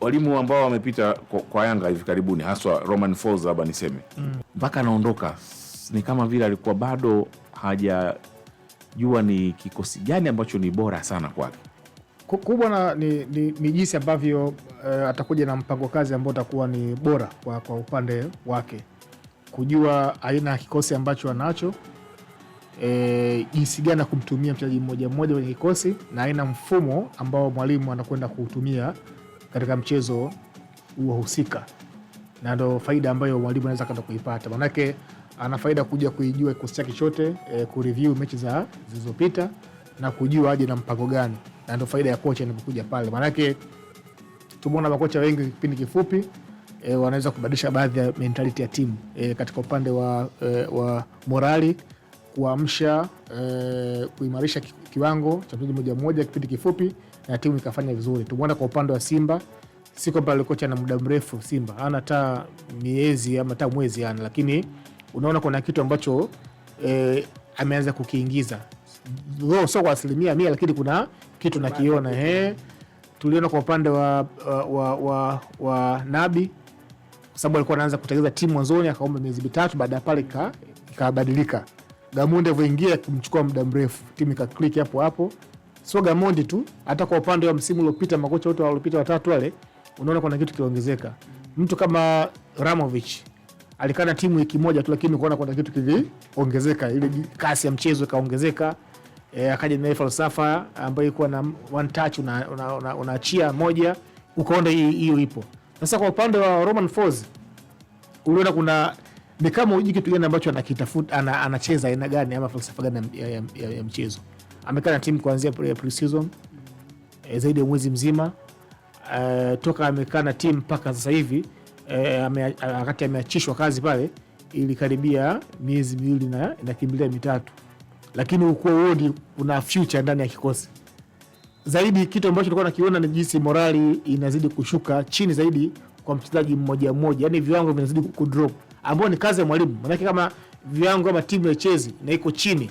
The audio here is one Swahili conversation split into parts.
walimu ambao wamepita kwa, Yanga hivi karibuni haswa Roman Falls labda niseme mm. mpaka mm. anaondoka ni kama vile alikuwa bado hajajua ni kikosi gani ambacho ni bora sana kwake. Kubwa ni, ni, ni jinsi ambavyo uh, atakuja na mpango kazi ambao utakuwa ni bora kwa, kwa upande wake, kujua aina ya kikosi ambacho anacho e, jinsi gani ya kumtumia mchezaji mmoja mmoja kwenye kikosi na aina mfumo ambao mwalimu anakwenda kuutumia katika mchezo huo husika, na ndo faida ambayo mwalimu anaweza kwenda kuipata, manake ana faida kuja kuijua kikosi chake chote e, kureview mechi za zilizopita na kujua aje na mpango gani, na ndo faida ya kocha inapokuja pale, manake tumeona makocha wengi kipindi kifupi e, wanaweza kubadilisha baadhi ya mentality ya timu e, katika upande wa, e, wa morali kuamsha eh, kuimarisha kiwango cha mchezaji mmoja mmoja kipindi kifupi, na timu ikafanya vizuri. Tumeona kwa upande wa Simba, si kwamba alikocha na muda mrefu Simba ana hata miezi ama hata mwezi ana, lakini unaona kuna kitu ambacho eh, ameanza kukiingiza, o sio kwa asilimia mia, lakini kuna kitu nakiona. He, eh, tuliona kwa upande wa, wa, wa, wa, wa Nabi kwa sababu alikuwa anaanza kutengeneza timu mwanzoni, akaomba miezi mitatu, baada ya pale ikabadilika. Gamondi alivyoingia kumchukua muda mrefu, timu ikaklik hapo hapo. Sio Gamondi tu, hata kwa upande wa msimu uliopita, makocha wote waliopita watatu wale, unaona kuna kitu kiliongezeka. Mtu kama Ramovich alikaa na timu wiki moja tu, lakini ukaona kuna kitu kiliongezeka, ile kasi ya mchezo ikaongezeka. E, akaja na falsafa ambayo ilikuwa na one touch, unaachia una, una, una moja, ukaona hiyo ipo. Sasa kwa upande wa Roman Folz uliona kuna ni kama hujui kitu gani ambacho anakitafuta, ana, anacheza aina gani ama falsafa gani ya, ya, ya, ya mchezo. Amekaa na timu kuanzia pre-season e, zaidi ya mwezi mzima e, toka amekaa na timu mpaka sasa hivi eh, wakati e, ameachishwa kazi pale ilikaribia miezi miwili na inakimbilia mitatu, lakini ukuwa uoni kuna future ndani ya kikosi zaidi. Kitu ambacho tulikuwa nakiona ni jinsi morali inazidi kushuka chini zaidi kwa mchezaji mmoja mmoja, yani viwango vinazidi kudrop ambao ni kazi ya mwalimu. Maanake kama viwango ama timu haichezi na iko chini,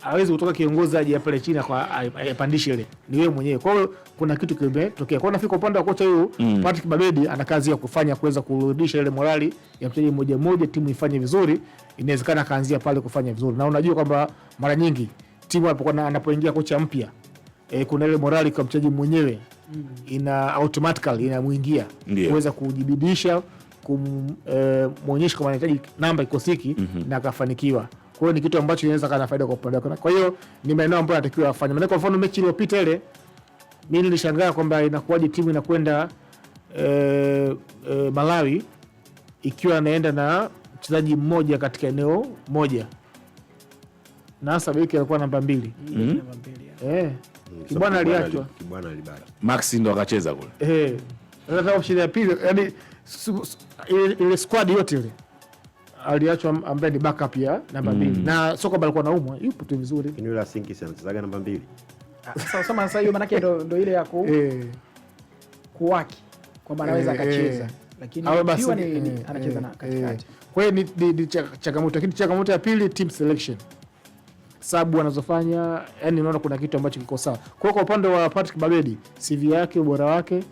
hawezi kutoka kiongozi aje pale chini kwa apandishe ile, ni wewe mwenyewe. Kwa hiyo kuna kitu kimetokea. Kwa hiyo nafika upande wa kocha huyu mm. Patrick Babedi ana kazi ya kufanya kuweza kurudisha ile morali ya mchezaji mmoja mmoja, timu ifanye vizuri. Inawezekana akaanzia pale kufanya vizuri, na unajua kwamba mara nyingi timu anapoingia kocha mpya e, kuna ile morali kwa mchezaji mwenyewe Mm. ina automatically inamuingia kuweza kujibidisha kumwonyesha eh, e, kwamba anahitaji namba ikosiki mm -hmm. na akafanikiwa. Kwa hiyo ni kitu ambacho inaweza kana faida kwa upande wake. Kwa hiyo ni maeneo ambayo anatakiwa afanya maanake kwa mfano mechi iliyopita ile mi nilishangaa kwamba inakuwaje timu inakwenda e, e, Malawi ikiwa anaenda na mchezaji mmoja katika eneo moja na hasa beki alikuwa namba mbili mm -hmm. eh Kibwana aliachwa, Kibwana alibaki, Max ndo akacheza kule. Eh, sasa option ya pili, yani ile squad yote ile aliachwa, ambaye ni backup ya namba mm. mbili mm. na soko alikuwa naumwa, yupo tu vizuri. Ni yule Sinki sana anachezaga namba mbili ah, sasa. Sasa sasa hiyo maanake ndo ndo ile ya ku eh. kuwaki kwamba anaweza eh, akacheza, eh. lakini akiwa ni eh, anacheza na katikati. eh. Kwa hiyo ni changamoto, lakini changamoto ya pili team selection sabu wanazofanya, yani unaona kuna kitu ambacho kiko sawa. Kwa kwa upande wa Patrick Babedi, CV yake, ubora wake,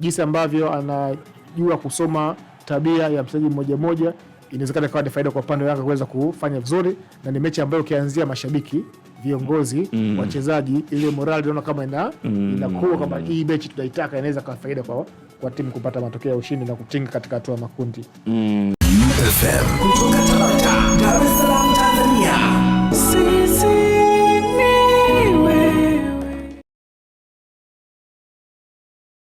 jinsi ambavyo anajua kusoma tabia ya mchezaji mmoja mmoja, inawezekana ikawa ni faida kwa upande wake kuweza kufanya vizuri, na ni mechi ambayo ukianzia mashabiki viongozi mm. wachezaji, ile morali naona kama ina mm. inakuwa kama hii mechi tunaitaka, inaweza kawa faida kwa, kwa timu kupata matokeo ya ushindi na kutinga katika hatua ya makundi mm.